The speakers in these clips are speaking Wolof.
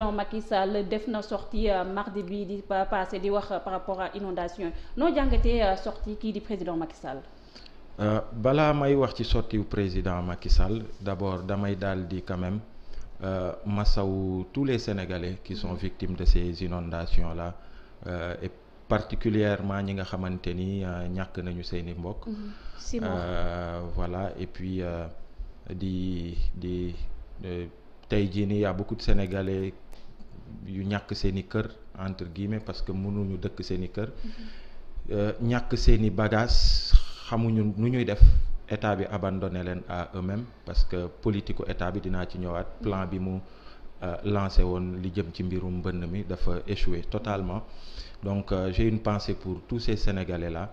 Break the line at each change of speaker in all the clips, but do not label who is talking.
Macky Sall def na sortie euh, mardi bi di passé di wax euh, par rapport à inondation noo jàngatee euh, sortie kii di président Macky Sall
balaa may wax ci sortie président Macky Sall d'abord damay daal di quand même masawu tous les Sénégalais qui sont mm-hmm. victimes de ces inondations la et particulièrement ñi nga xamante ni ñàkk nañu seeni mbokk
mm-hmm.
voilà et puis di tey jii nii y a beaucoup de yu ñàkk seeni kër entre guillemets parce que mënuñu dëkk seeni kër euh, ñàkk seeni bagages xamuñu nu ñuy def état bi abandonné leen à eux-mêmes parce que politique état bi dinaa ci ñëwaat plan bi mu euh, lancé woon li jëm ci mbirum mbënn mi dafa échoué totalement donc euh, j'ai pour tous ces Sénégalais là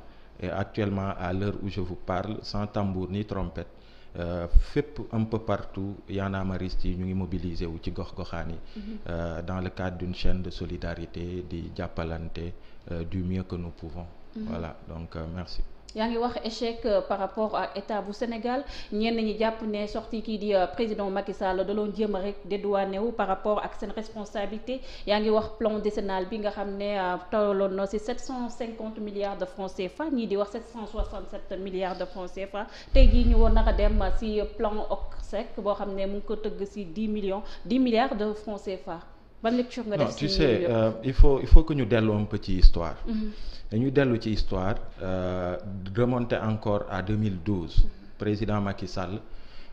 et actuellement à l'heure ou je vous parle sans tambour ni trompette Euh, fépp un peu partout Y'en a marre yi ñu ngi mobiliser wu ci gox-goxaan yi mhm. euh, dans le cadre d'une chaîne de solidarité di jàppalante euh, du mieux que nous pouvons mhm. voilà donc merci
yaa ngi wax échec euh, par rapport ak état bu Sénégal ñenn ñi jàpp ne sorti kii di euh, président Macky Sall da loon jéem a rek dédouané wu par rapport ak seen responsabilité yaa ngi wax plan décennal bi nga xam ne euh, tolloon na si 750 milliards de francs CFA ñii di wax 767 milliards de francs CFA tey jii ñu woon naka dem si plan OCSEC boo xam ne mu ngi ko tëgg si 10 millions 10 milliards de francs fa ban lecture nga def non tu sais
euh, il faut il faut que ñu dellu un peu ci histoire. Mhm. dañuy dellu ci histoire euh, remonter encore à 2012 président Macky Sall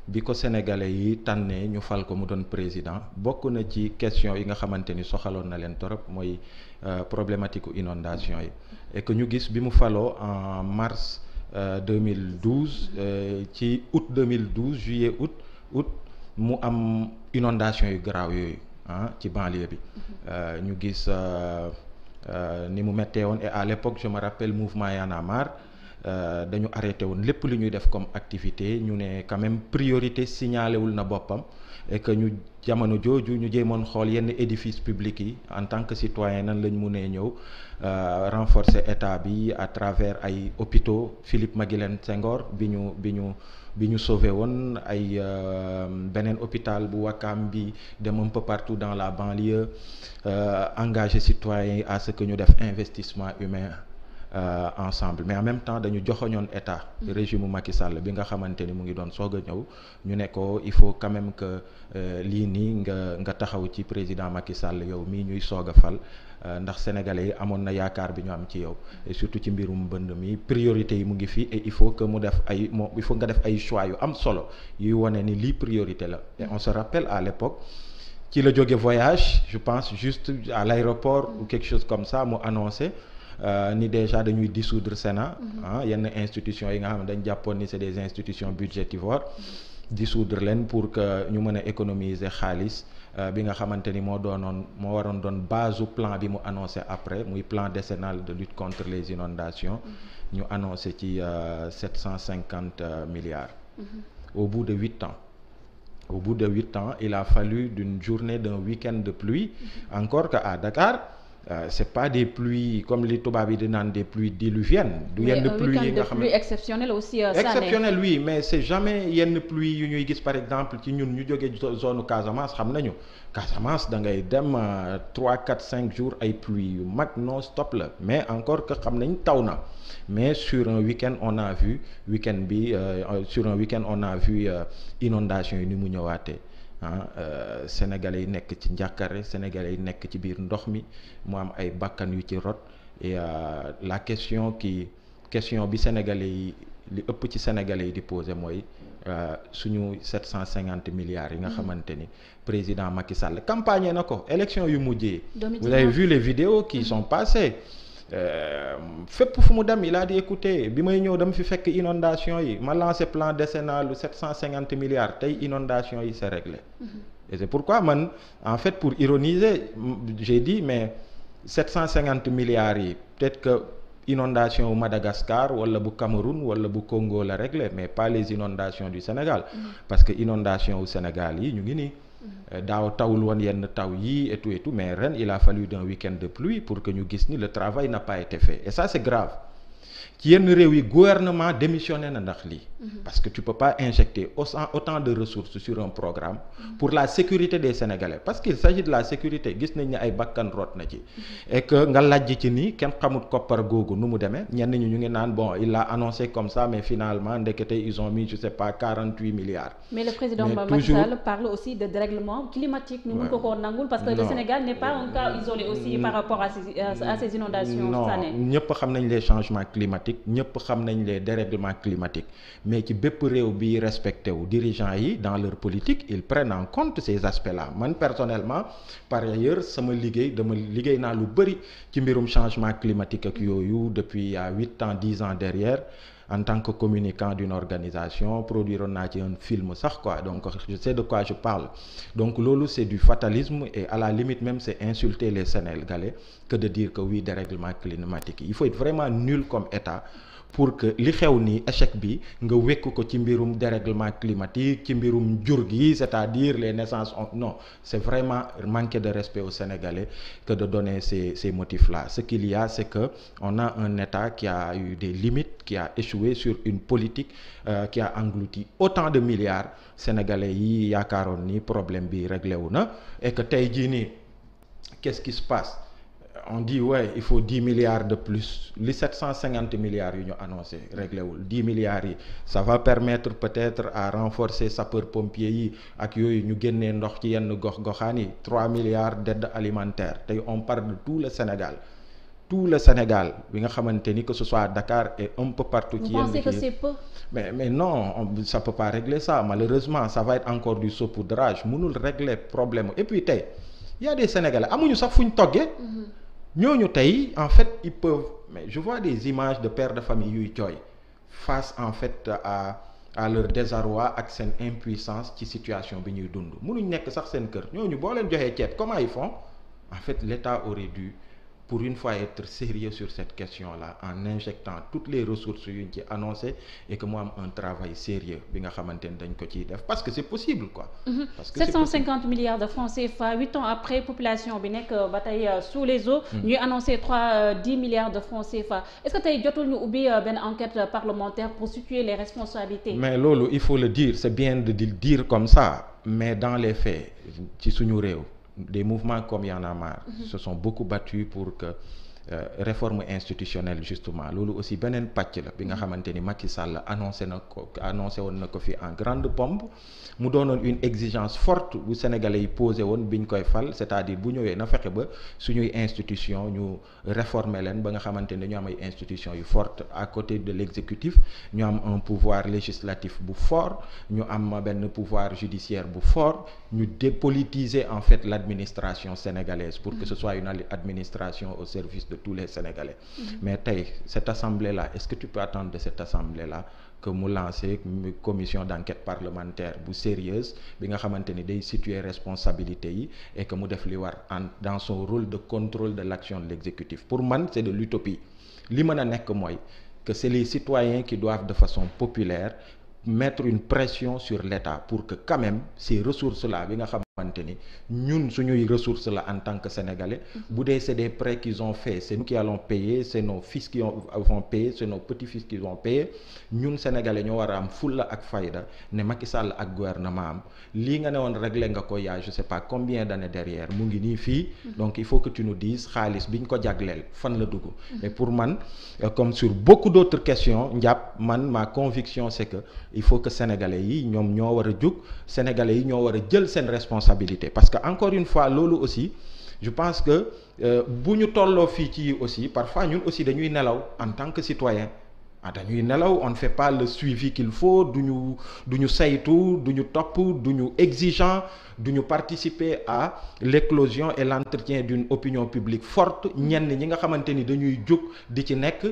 bi ko sénégalais yi tànnee ñu fal ko mu doon président bokk na ci question yi nga xamante ni soxaloon na leen torop mooy euh, problématique inondation yi et que ñu gis bi mu faloo en mars euh, 2012 euh, ci août 2012 juillet août août mu am inondation yu garaaw yooyu. ah ci banlieue bi euh, ñu gis euh, euh, ni mu méttee woon et à l'époque je me rappelle mouvement Y en a Euh, dañu arrêté woon lépp lu ñuy def comme activité ñu ne quand même priorité signalé na boppam et que ñu jamono jooju ñu jéemoon xool yenn édifice public yi en tant que citoyen nan lañ mënee ñëw euh, renforcer état bi à travers ay hôpitaux Philippe Maguilène Senghor bi ñu bi ñu bi ñu sauvé woon ay euh, beneen hôpital bu Wakam bi dem un peu partout dans la banlieue engagé citoyen yi à ce ñu def investissement humain Euh, ensemble mais en même temps dañu joxoñoon état mm. régime Macky Sall bi nga xamante ni mu ngi doon soog a ñëw ñu ne ko il faut quand même que euh, lii nii nga nga taxaw ci président Macky Sall yow mii ñuy soog a fal euh, ndax sénégalais yi amoon na yaakaar bi ñu am ci yow et surtout ci mbirum mbënd mi priorité yi mu ngi fii et il faut que mu def ay moom il faut nga def ay choix yu am solo yuy wone ni lii priorité la et on se rappelle à l'époque ci la jóge voyage je pense juste à l'aéroport ou quelque comme ça mu annoncé Euh, ni déjà dañuy dissoudre Sénat mhm. ah yenn institutions yi nga xam ne dañ jàppoon ni c'est des institutions budgétivores mhm. dissoudre leen pour que ñu mën a économiser xaalis euh, bi nga xamante ni moo doonoon moo waroon doon base plan bi mu annoncé après muy plan décennal de lutte contre les inondations mhm. ñu annoncé ci euh, sept cent cinquante milliards au bout de huit ans au bout de huit ans il a fallu d'une journée d'un week-end de pluie encore que à Dakar Euh, c'est pas des pluies comme li tubaab yi di naan des pluies diluviennes. du yenn euh, pluie yi nga xam ne
exceptionnelle aussi. Euh, exceptionnelle
oui mais c'est jamais yenn pluie yu ñuy gis par exemple ci ñun ñu jógee zone Casamance xam nañu Casamance da ngay dem 3 euh, 4 cinq jours ay pluies yu mag non stop la mais encore que xam nañ taw na mais sur un week on a vu week bi euh, sur un week on a vu euh, inondation yi ni mu ñëwaatee. ah euh, sénégalais yi nekk ci njàkkare sénégalais yi nekk ci biir ndox mi mu am ay bakkan yu ci rot et euh, la question qui question bi sénégalais yi li ëpp ci sénégalais yi di posé mooy euh, suñu 750 milliards yi nga mm-hmm. xamante ni président Macky Sall campagne na ko élection yu mujjee vous avez vu les vidéos qui mm-hmm. sont passées Euh, fépp fu mu dem il laa dit écoutez bi may ñëw dem fi fekk inondation yi ma lancé plan décennal lu 750 milliards tey inondation yi c'est réglé
mm-hmm.
et c'est pourquoi man en fait pour ironiser j'ai dit mais 750 milliards yi peut-être que inondation wu Madagascar wala bu Cameroun wala bu Congo la réglé mais pas les inondations du Sénégal mm-hmm. parce que inondation wu Sénégal yi ñu ngi nii Euh, daaw tawul woon yenn taw yi et tout mais ren il a fallu d'un week-end de pluie pour que ñu gis ni le travail n'a pas été fait ça c'est grave ci yenn réew yi gouvernement démissionné na ndax lii mhm. parce que tu peux pas injecter autant de ressources sur un programme mhm. pour la sécurité des Sénégalais parce qu'il s'agit de la sécurité gis nañ ne ay bakkan rot na ci mhm. et que nga lajj ci nii kenn xamul koppar googu nu mu demee ñenn ñi ñu ngi naan bon il a annoncé comme ça mais finalement ndekete ils ont mis je sais pas quarante huit milliards
mais le président Macky parle aussi de dérèglement climatique ñu mun ko que le
ñëpp xam nañ les changements climatiques climatique ñëpp xam nañ les dérèglements climatiques mais ci bépp réew bi respecté wu dirigeants yi dans leur politique ils prennent en compte ces aspects là man personnellement par ailleurs sama liggéey dama liggéey naa lu bëri ci mbirum changement climatique ak yooyu depuis à huit ans dix ans derrière en tant que communicant d'une organisation produire naa ci un film sax quoi donc je sais de quoi je parle donc loolu c'est du fatalisme et à la limite même c'est insulter les Sénégalais que de dire que oui dérèglement climatique il faut vraiment nul comme État pour que li xew nii échec bi nga wekk ko ci mbirum dérèglement climatique ci mbirum jur gi c'est-à-dire les naissances on non c'est vraiment manquer de respect aux Sénégalais que de donner ces ces motifs-là ce qu'il y a c'est que on a un État qui a des limites qui a échoué sur une politique euh, qui a englouti autant de milliards sénégalais yi yaakaaroon ni problème bi réglé wu na et que tey jii nii qu'est-ce qui se passe on dit ouais il faut dix milliards de plus li sept cent cinquante milliards yu ñu annoncé réglé wul dix milliards yi ça va permettre peut-être à renforcer sapeur pompier yi ak yooyu ñu génnee ndox ci yenn gox-goxaan yi trois milliards d'aide alimentaire tey on parle de tout le Sénégal tout le Sénégal bi nga xamante ni que ce soit à Dakar et un peu partout. ci yenn kii c'est peu. mais mais non sa ça peut pas régler ça malheureusement ça va être encore du saupoudrage mënul régler problème et puis tey y a des Sénégalais amuñu sax fu ñu ñooñu tey en fait ils peuvent mais je vois des images de pères de famille yuy jooy face en fait à à leur désarroi ak seen impuissance ci situation bi ñuy dund mënuñ nekk sax seen kër ñooñu boo leen joxee ceeb comment ils font en fait l'État au dû pour une fois être sérieux sur cette question-là en injectant toutes les ressources yuñ ci annoncé et que mu am un travail sérieux bi nga xamante ne dañ ko ciy def parce que c'est possible quoi.
Mhm. parce que 750 milliards de francs CFA huit ans après population bi nekk euh, ba tey euh, sous les eaux. Mhm. ñuy annoncé trois euh, dix milliards de francs CFA est-ce que tey jotul ñu ubbi benn enquête parlementaire pour situer les responsabilités. mais
loolu il faut le dire c'est ci suñu réew. des mouvements comme Y en a marre. se mm-hmm. sont beaucoup battus pour que Euh, réforme institutionnelle justement loolu aussi beneen pàcc la bi nga xamante ni Macky sàll annoncé na ko annoncé woon na ko fi en grande pompe mu doonoon une exigence forte bu sénégalais yi posé woon biñ koy fal c'est-à-dire bu ñëwee na fexe ba suñuy institution ñu réformer leen ba nga xamante ni ñu am ay institution yu forte à côté de l'exécutif ñu am un pouvoir législatif bu fort ñu am benn pouvoir judiciaire bu fort ñu dépolitiser en fait l'administration sénégalaise pour que ce soit une au service de tous les Sénégalais. Mm-hmm. mais tey cette assemblée là est-ce que tu peux attendre de cette assemblée là que mu lancer commission d'enquête parlementaire bu sérieuse bi nga xamante ni day situer responsabilité yi et que mu def li war en dans son rôle de contrôle de l'action de l'exécutif pour man c'est de l'utopie li mën a nekk mooy que c'est les citoyens qui doivent de façon populaire mettre une pression sur l'État pour que quand même ces ressources là bi nga xamante ni ñun suñuy ressources la en tant que sénégalais mm-hmm. bu dee c'est des prêts qu'ils ont fait c'est nous qui allons payer c'est nos fils qui euh, vont payer c'est nos petits-fils qui vont payer ñun sénégalais ñoo war a am fulla ak fayda ne Macky Sall ak gouvernement am lii nga ne woon réglé nga ko yaa je sais pas combien d'années derrière mu ngi nii fii mm-hmm. donc il faut que tu nous dises xaalis bi ñu ko jagleel fan la dugg mm-hmm. mais pour man euh, comme sur beaucoup d'autres questions njàpp man ma conviction c'est que il faut que sénégalais yi yi ñoo a jël seen responsabilité parce que encore une fois loolu aussi je pense que euh, bu ñu tolloo fii ci aussi parfois ñun aussi dañuy nelaw en tant que citoyen ah dañuy nelaw on ne fait pas le suivi qu'il faut du ñu du ñu saytu du ñu topp du ñu exigeant ñu participer à l'éclosion et l'entretien d'une opinion publique forte ñenn ñi nga xamante ni dañuy jóg di ci nekk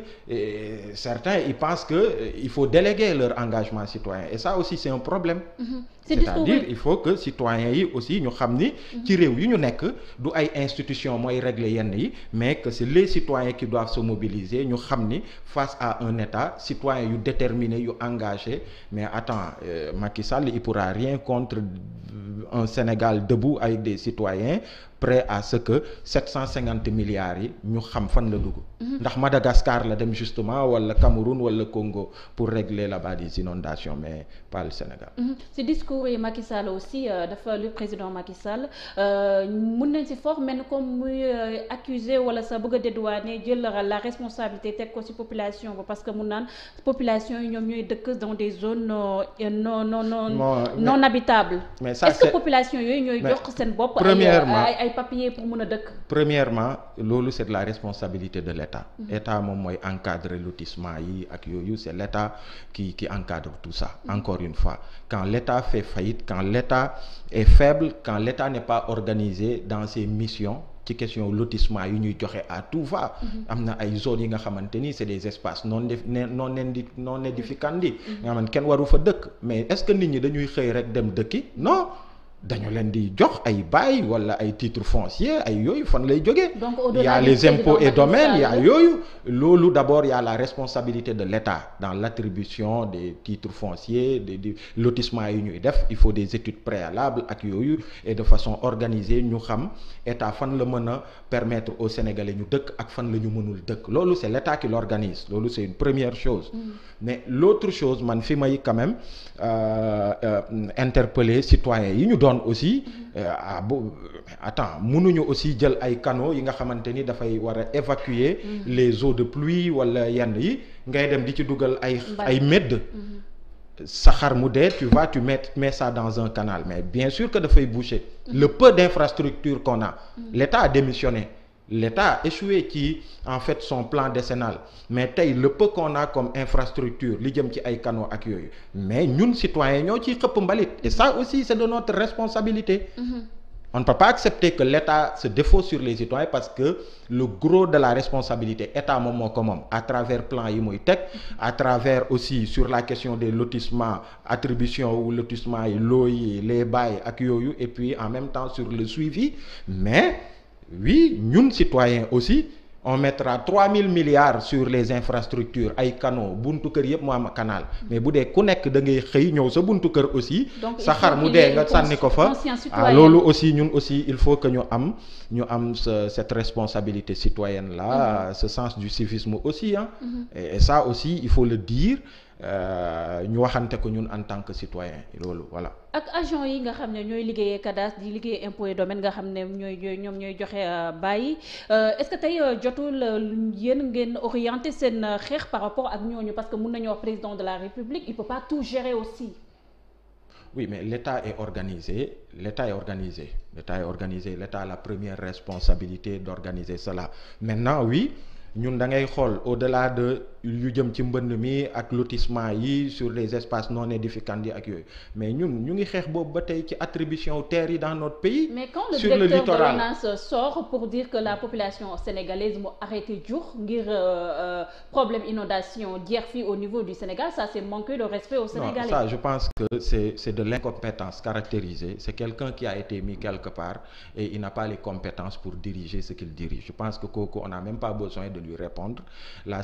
certains ils pensent que euh, il faut déléguer leur engagement citoyen et ça aussi c'est un problème
mm cest c'est-à-dire il
faut que citoyens yi aussi ñu xam ni mm-hmm. ci réew yu ñu nekk du ay institution mooy régler yenn yi mais que c'est les citoyens qui doivent se mobiliser ñu xam ni face à un état citoyen yu déterminé yu engagé mais attends euh, Macky Sall il pourra rien contre Sénégal debout avec des citoyens prêt à ce que 750 milliards yi ñu xam fan la dugg. ndax Madagascar la dem justement wala Cameroun wala Congo pour régler là-bas des inondations mais pas le Sénégal.
Mhm. si discours yi Macky Sall aussi euh, dafa le président Macky Sall euh, mun nañ si fort mel comme muy euh, accuser wala sa bëgg a dédouaner jël la responsabilité teg ko si population ba parce que mun naan population yi ñoom ñooy dëkk dans des zones non non non est-ce que population yooyu ñooy jox seen bopp. ay mën a dëkk.
premièrement loolu c' la responsabilité de l' état. Mmh. moom mooy encadre lotissement yi ak yooyu c' est l' état qui qui encadre tout ça. Mmh. encore une fois quand l' état fait faillite quand l' état est faible quand l' état n' pas organisé dans ses missions. ci question lotissement yi ñuy joxe à tout va. Mm-hmm. am na ay zones yi nga xamante ni c'est des espaces non def non indi non édificandi. Mm-hmm. nga xaman kenn waru fa dëkk mais est-ce que nit ñi dañuy xëy rek dem dëkki non. dañu leen di jox ay bail wala ay titre foncier ay yooyu fan lay jógee y a les impôts et domaines y yooyu loolu d'abord y a la responsabilité de l'État dans l'attribution de titres foncier de di lotissement yi ñuy def il faut des études préalables ak yooyu et de façon organisée ñu xam état fan la mën a permettre au Sénégalais ñu dëkk ak fan la ñu mënul dëkk loolu c'est l'État qui l'organise loolu c'est une première chose mm. mais l'autre chose man fi may quand même euh, euh yoon aussi ah euh, bu attends mënuñu aussi jël ay canaux yi nga xamante ni dafay war a évacuer mhm. les eaux de pluie wala yand yi ngay dem di ci dugal ay ay médd mhm. saxaar mu dee tu vas tu mets mets ça dans un canal mais bien sûr que dafay boucher le peu d'infrastructure qu'on a mhm. l'État a l'État a échoué ci en fait son plan décennal mais tey le peu qu'on a comme infrastructure li jëm ci ay canaux ak yooyu mais ñun citoyens ñoo ciy xëpp mbalit et ça aussi c'est de notre responsabilité mmh. on ne peut pas accepter que l'État se défausse sur les citoyens parce que le gros de la responsabilité état moom moo ko moom à travers plan yi muy teg à travers aussi sur la question des lotissements attribution wu lotissement yi loo yi les bails ak yooyu et puis en même temps sur le suivi mais oui ñun citoyen aussi on mettra mille milliards sur les infrastructures ay canaux buntu kër yëpp mu am canal mais bu dee ku nekk da ngay xëy ñëw sa buntu kër aussi sa xar mu dee nga sànni ko fa ah loolu aussi ñun aussi il faut que ñu am ñu am sa cette responsabilité citoyenne la mm -hmm. ce sens du civisme aussi ah mm -hmm. et, et aussi il faut le dire Euh, ñu waxante ko ñun en tant que citoyen loolu voilà.
ak agent yi nga xam ne ñooy liggéeyee CADAS di liggéey impôt et domaine nga xam ne ñooy ñoom ñooy joxe euh, bàyyi euh, est-ce que tey jotul yéen ngeen orienté seen xeex par rapport ak ñooñu parce que mun nañu wax président de la République il peut pas tout gérer aussi.
oui mais l'État est organisé l'État est organisé l'État est organisé l'État la première responsabilité d'organiser cela maintenant oui ñun da yu jëm ci mbënd mi ak lotissement yi sur les espaces non édificants yi ak yooyu mais ñun ñu ngi xeex boobu ba tey ci attribution terre yi dans notre pays.
mais quand le sur directeur de l'ONAS sort pour dire que la population sénégalaise mu arrêté Diouf ngir euh, euh, problème inondation jeex fii au niveau du Sénégal ça c'est manquer le respect aux Sénégalais.
que c'est c'est de l'incompétence caractérisée c'est quelqu'un qui a été mis quelque part et il n'a pas les compétences pour diriger ce qu'il dirige je pense que kooku on n'a même pas besoin de la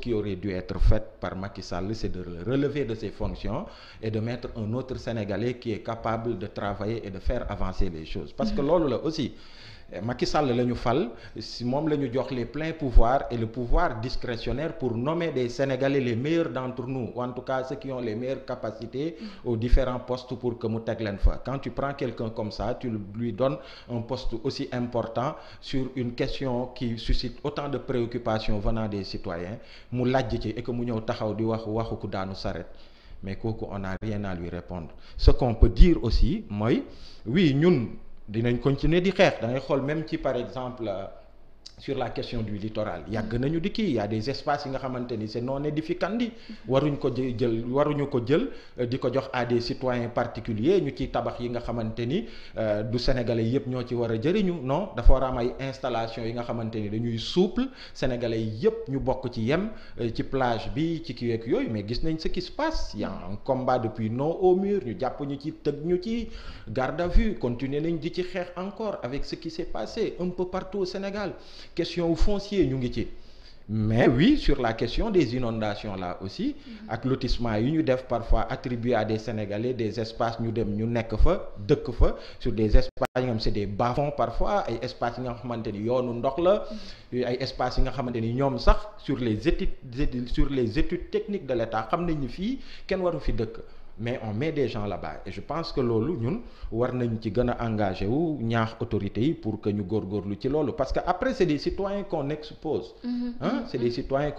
qui aurait dû être faite par Macky Sall, c'est de le relever de ses fonctions et de mettre un autre Sénégalais qui est capable de travailler et de faire avancer les choses. Parce que mhm. loolu la aussi Eh, ma Sall la ñu fal si moom la ñu jox les pleins pouvoirs et le pouvoir discrétionnaire pour nommer des Sénégalais les meilleurs d'entre nous ou en tout cas ceux qui ont les meilleures capacités aux différents postes pour que mu teg leen fa quand tu prends quelqu'un comme ça tu lui donnes un poste aussi important sur une question qui suscite autant de préoccupations venant des citoyens mu lajj ci et que mu ñëw taxaw di wax waxu ku daanu saret mais kooku on n'a rien à lui répondre dinañ continuer di xeex dangay xool même ci par exemple sur la question du littoral yàgg nañu di kii y a des espaces yi nga xamante ni c'est non édificandi waruñ ko jël waruñu ko jël euh, di ko jox à des citoyens particuliers ñu ciy tabax yi nga xamante ni euh, du sénégalais yëpp ñoo ci war a jëriñu non dafa war a am ay installation yi nga xamante ni dañuy souple sénégalais yëpp ñu bokk ci yem euh, ci plage bi ci kiweek yooyu mais gis nañ ce qui se passe y a un combat depuis non au mur ñu jàpp ñu ci tëg ñu ci garde à vue continuer nañ di ci xeex encore avec ce qui Sénégal question wu foncier ñu ngi ci mais oui sur la question des inondations la aussi mm-hmm. ak lotissement yi ñu def parfois attribué à des Sénégalais des espaces ñu dem ñu nekk fa dëkk fa sur des espaces yi nga xam c'est des bas-fonds parfois ay espaces yi nga xamante ni yoonu ndox la mm-hmm. ay espaces yi nga xamante ni ñoom sax sur les études sur les études techniques de l'État xam nañu fii kenn waru fi dëkk mais on mais des gens là-bas et je pense que loolu ñun war nañ ci gën a engagé wu ñaax autorités yi pour que ñu góor góorlu ci loolu parce que après c'est des citoyens qu'on expose ah c'est des citoyens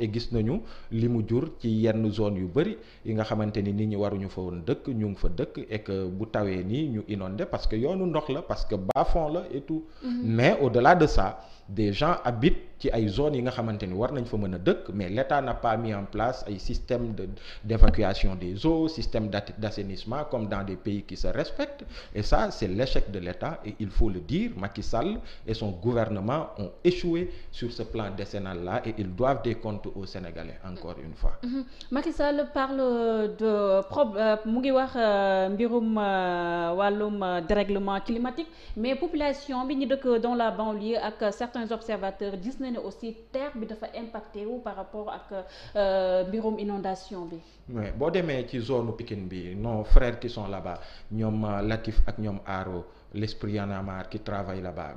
et gis nañu li mu jur ci yenn zone yu bëri yi nga xamante ni nit ñi waruñu fa woon dëkk ñu ngi fa dëkk et bu tawee nii ñu inondé parce que yoonu ndox la parce que bas la et tout mm-hmm. mais au-delà de ça des gens habitent ci ay zones yi nga xamante ni war nañ fa mën a dëkk mais l'État n'a pas mis en place ay système de d'évacuation des eaux système d'assainissement comme dans des pays qui se respectent et ça c'est l'échec de l'État et il faut le dire Macky et son gouvernement ont échoué sur ce plan décennal là et ils doivent des comptes aux Sénégalais encore une fois
mm parle de problème euh, mu ngi wax euh, mbirum euh, wàllum dérèglement climatique mais population na ne aussi terre bi dafa impacté wu par rapport ak euh, mbirum inondation bi.
oui boo demee ci zone Pikine bi no frères qui sont là-bas ñoom euh, Latif ak ñoom Aro l'esprit y'en a marre qui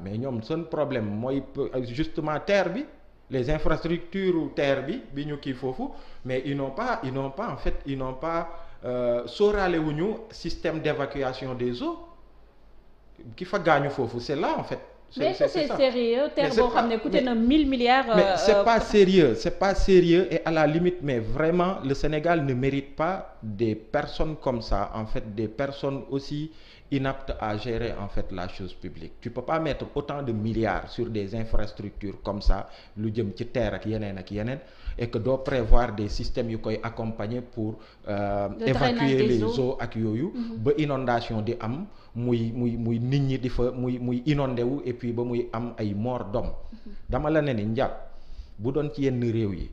mais ñoom seen problème mooy euh, justement terre bi. les infrastructures terre bi bi ñu kii foofu mais ils n'ont pas ils n'ont pas en fait ils n'ont pas euh, sóoraale wu ñu système d'évacuation des eaux ki fa gaañu foofu c'est là en fait
mais est-ce que terre boo xam coûté na mille milliards. mais c'est euh, pas
euh, sérieux c'est pas sérieux et à la limite mais vraiment le Sénégal ne mérite pas des personnes comme ça en fait des personnes aussi inapte à gérer en fait la chose publique tu peux pas mettre autant de milliards sur des infrastructures comme ça lu jëm ci terre ak yeneen ak yeneen et que doo prévoir des systèmes yu koy accompagner pour euh, le évacuer les ak yooyu mhm. ba inondation di am muy muy muy nit ñi di fa muy muy inondé wu et puis ba muy am ay mort d'homme mhm. dama la ne ni njàpp bu doon ci yenn réew yi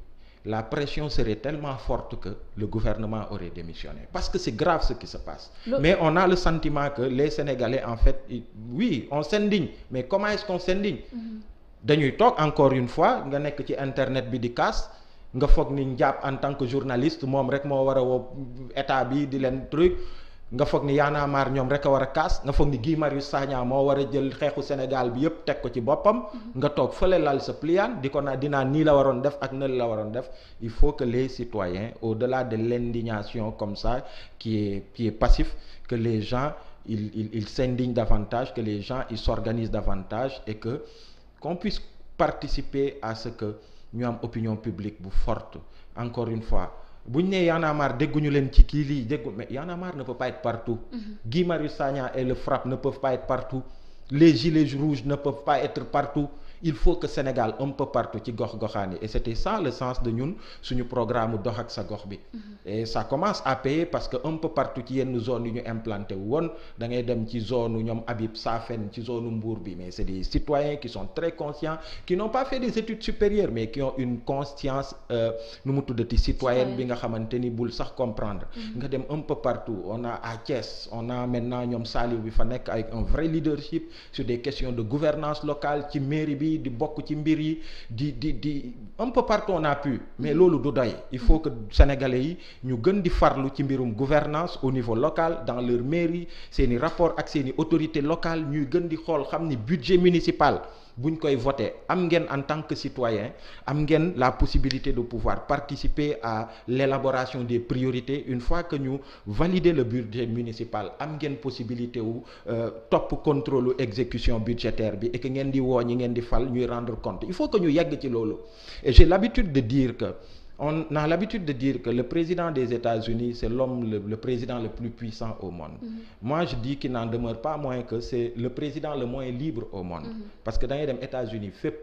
la pression serait tellement forte que le gouvernement aurait démissionné parce que c'est grave ce qui se passe le... mais on a le sentiment que les Sénégalais en fait ils... on s'indigne mais comment est-ce qu'on mm-hmm. dañuy toog encore une fois nga nekk ci internet bi di casse nga foog ni njàpp en tant que journaliste moom rek moo war a woo état bi di leen truc nga foog ni Y'en a marre ñoom rek a war a kaas nga foog ni Guy Marius Sagna moo war a jël xeexu Sénégal bi yëpp teg ko ci boppam. Mm-hmm. nga toog fële lal sa pliant di ko naa dinaa nii la waroon def ak na la waroon def il faut que les citoyens au-delà de l'indignation comme ça qui est qui est passif que les gens ils ils ils s'indignent davantage que les gens ils s'organisent davantage et que qu'on puisse participer à ce que ñu am opinion publique bu forte encore une fois. buñ nee Y'en a marre dégguñu leen ci kii lii déggu mais Y'en a marre ne peut pas partout. Mm-hmm. Guy Marius Sagna et le FRAPP ne peuvent pas partout. les gilets rouges ne peuvent partout il faut que Sénégal un peu partout ci gox-goxaan yi et c' était le sens de ñun suñu programme dox ak sa gox bi. Mm-hmm. et ça commence à payer parce que un peu partout ci yenn zone yu ñu implanté woon da ngay dem ci zone ñoom Habib Safen ci zone Mbour bi mais c' est des citoyens qui sont très conscients qui n'ont pas fait des études supérieures mais qui ont une conscience euh, nu mu tuddati citoyenne bi nga xamante ni bul sax comprendre. Mm-hmm. nga dem un peu partout a à on a maintenant ñoom Saliou bi fa nekk avec un vrai leadership sur des questions de gouvernance locale bi di bokk ci mbir yi di di di un peu partout on a mais loolu du doy il faut que sénégalais yi ñu gën di farlu ci mbirum gouvernance au niveau local dans leur mairie seeni rapport ak seeni autorité locale ñuy gën di xool xam ni budget municipal buñ koy voté am ngeen en tant que citoyen am ngeen la possibilité de pouvoir participer à l'élaboration des priorités une fois que ñu valider le budget municipal am ngeen possibilité wu euh, topp contrôle exécution budgétaire bi et ngeen di woo ñi ngeen di fal ñuy rendre compte il faut que ñu yegg ci loolu et j'ai l'habitude de dire que on a l'habitude de dire que le président des États-Unis c'est l'homme le, le président le plus puissant au monde mm -hmm. moi je dis qu'il n'en demeure pas moins que c'est le président le moins libre au monde mm parce que dangay dem États-Unis fépp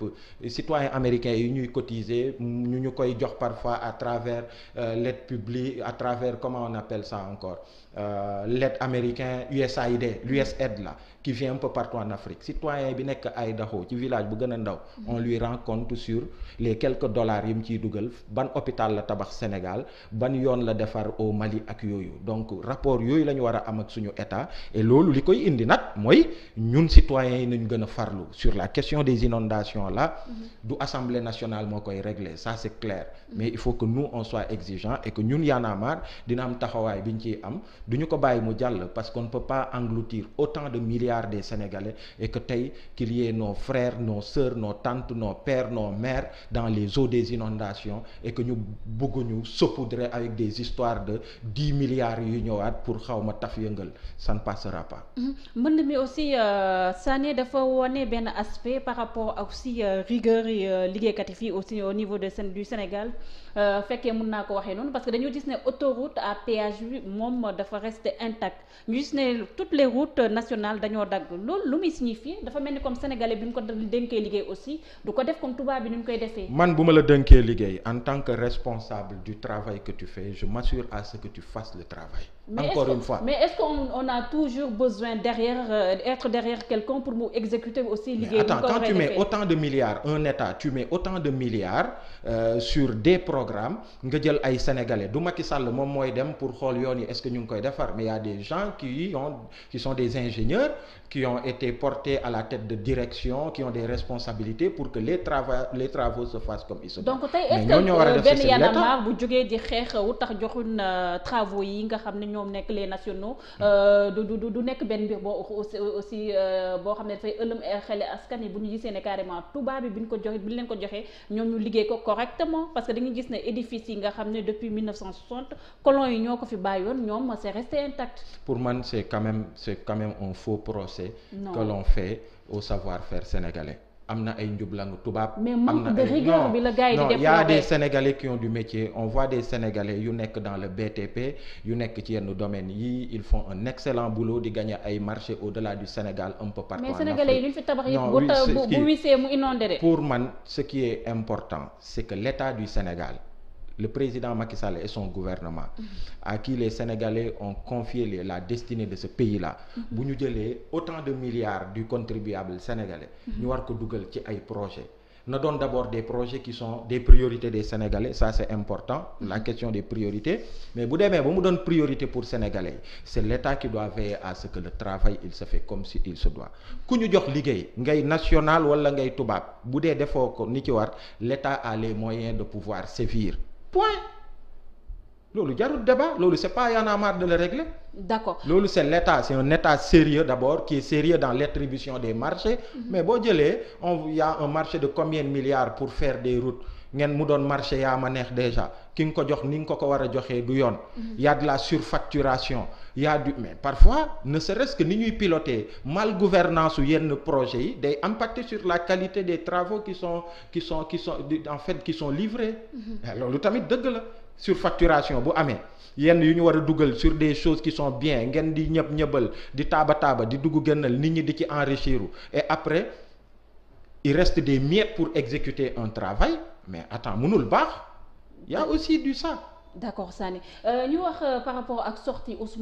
citoyens américain yi ñuy cotiser ñu ñu koy jox parfois à travers euh, l'aide publique à travers comment on appelle ça encore euh, l'aide américaine USAID mm-hmm. l'USAID la qui vient un partout en Afrique citoyen bi nekk Idaho ci village bu gën a ndaw mm-hmm. on lui rend sur les quelque dollars yi mu ciy dugal ban hôpital la tabax Sénégal ban yoon la defar au Mali ak yooyu donc rapport yooyu la ñu war a am ak suñu état et loolu li koy indi nag mooy ñun citoyens yi nañu gën a farlu sur la question des inondations la mm-hmm. du assemblée nationale moo koy régler ça c'est clair mm-hmm. mais il faut que nu on soit exigeants et que ñun Y'en a am taxawaay bi ñu ciy am du ko bàyyi mu jàll milliards des Sénégalais et que tey des inondations et que ñu bëgg ñu de dix milliards yu ñëwaat pour xawma taf yëngal ça ne passera pas.
Mm-hmm. mbënd mi aussi euh, Sané dafa wone benn aspect par rapport aussi euh, rigueur yi euh, liggéeykat yi fii au niveau de du Sénégal fekkee mun naa ko waxee noonu parce que dañoo gis ne autoroute à péage moom dafa rester intact ñu gis ne toutes les routes nationales dañoo dañoo dagg loolu lu muy fii dafa mel ni comme sénégalais bi ñu ko dénkee liggéey aussi du ko def comme tubaab bi ni ñu koy defee.
man bu ma la dénkee liggéey en tant que responsable du travail que tu fais je m'assure à ce que tu fasses le travail. mais encore une fois mais
est-ce qu'on on a toujours besoin derrière euh, être derrière quelqu'un pour mu exécuter aussi liggéey attends quand tu mets autant
de milliards un état tu mets autant de milliards euh, sur des programmes nga jël ay sénégalais du Macky Sall moom mooy dem pour xool yoon yi est-ce que ñu ngi koy defar mais y des gens qui ont qui sont des ingénieurs qui ont été portés à la tête de direction qui ont des responsabilités pour que les travaux les travaux se fassent comme ils se donc
tey est-ce que benn a bu jógee di xeex tax joxuñ euh, travaux yi nga xam ne ñoom nekk les nationaux. Hmm. Euh, du du du nekk benn mbir boo aussi euh, boo xam ne dafay ëllëm xele askan yi bu ñu gisee ne carrément tubaab bi bi ñu ko joxee ñoom ñu liggéey ko correctement parce que dañuy gis ne édifice yi nga xam ne depuis 1960 yi ñoo ko fi
avancées fait au savoir-faire sénégalais am na ay njublang tubaab. mais manque de rigueur bi la gars yi di y a des sénégalais qui ont du métier on voit des sénégalais yu nekk dans le BTP yu nekk ci yenn domaines yi il faut un excellent boulot di gagner ay marchés au-delà du Sénégal un peu partout. mais sénégalais yi li ñu fi tabax yëpp bu bu bu wisee
mu inondé de.
pour man ce qui est important c'est que l'État du Sénégal. le président Macky Sall et son gouvernement mmh. à qui les Sénégalais ont confié les, la destinée de ce pays-là mhm. bu ñu jëlee autant de milliards du contribuable sénégalais mhm. ñu war ko dugal ci ay projets na doon d'abord des projets qui son des priorités des Sénégalais ça c'est important mhm. la question des priorités mais bu demee ba mu doon priorité pour Sénégalais c'est l'État qui doit veiller à ce que le travail il se fait comme si il se doit ku ñu jox liggéey ngay national wala ngay tubaab bu dee defoo ko ni ci war l'État a les moyens de pouvoir sévir point loolu jarul débat loolu c'est pas y'en a marre de le régler. d'accord loolu c'est l'état c'est un état sérieux d'abord qui est sérieux dans l'attribution des marchés. Mhm. mais boo jëlee on a un marché de combien de milliards pour faire des routes. ngeen mu doon marché yaa ma neex déjà ki nga ko jox ni nga ko ko war a joxee du yoon. Mhm. y a la surfacturation y a du mais parfois ne serait resque ni ñuy piloter mal gouvernance su yenn projets yi day impacter sur la qualité des travaux qui son qui sont qui sont en fait qui sont livrés. Mhm. loolu tamit dëgg la surfacturation bu amee. yenn yu ñu war a dugal sur des choses qui sont bien ngeen di ñëb ñëbal di taaba taaba di dugg gënal nit ñi di ci enrichir et après il reste des miettes pour exécuter un travail. mais attends mënul baax y a aussi du ça.
d'accord Sané euh, ñu wax euh, par rapport ak sortie Ousmane.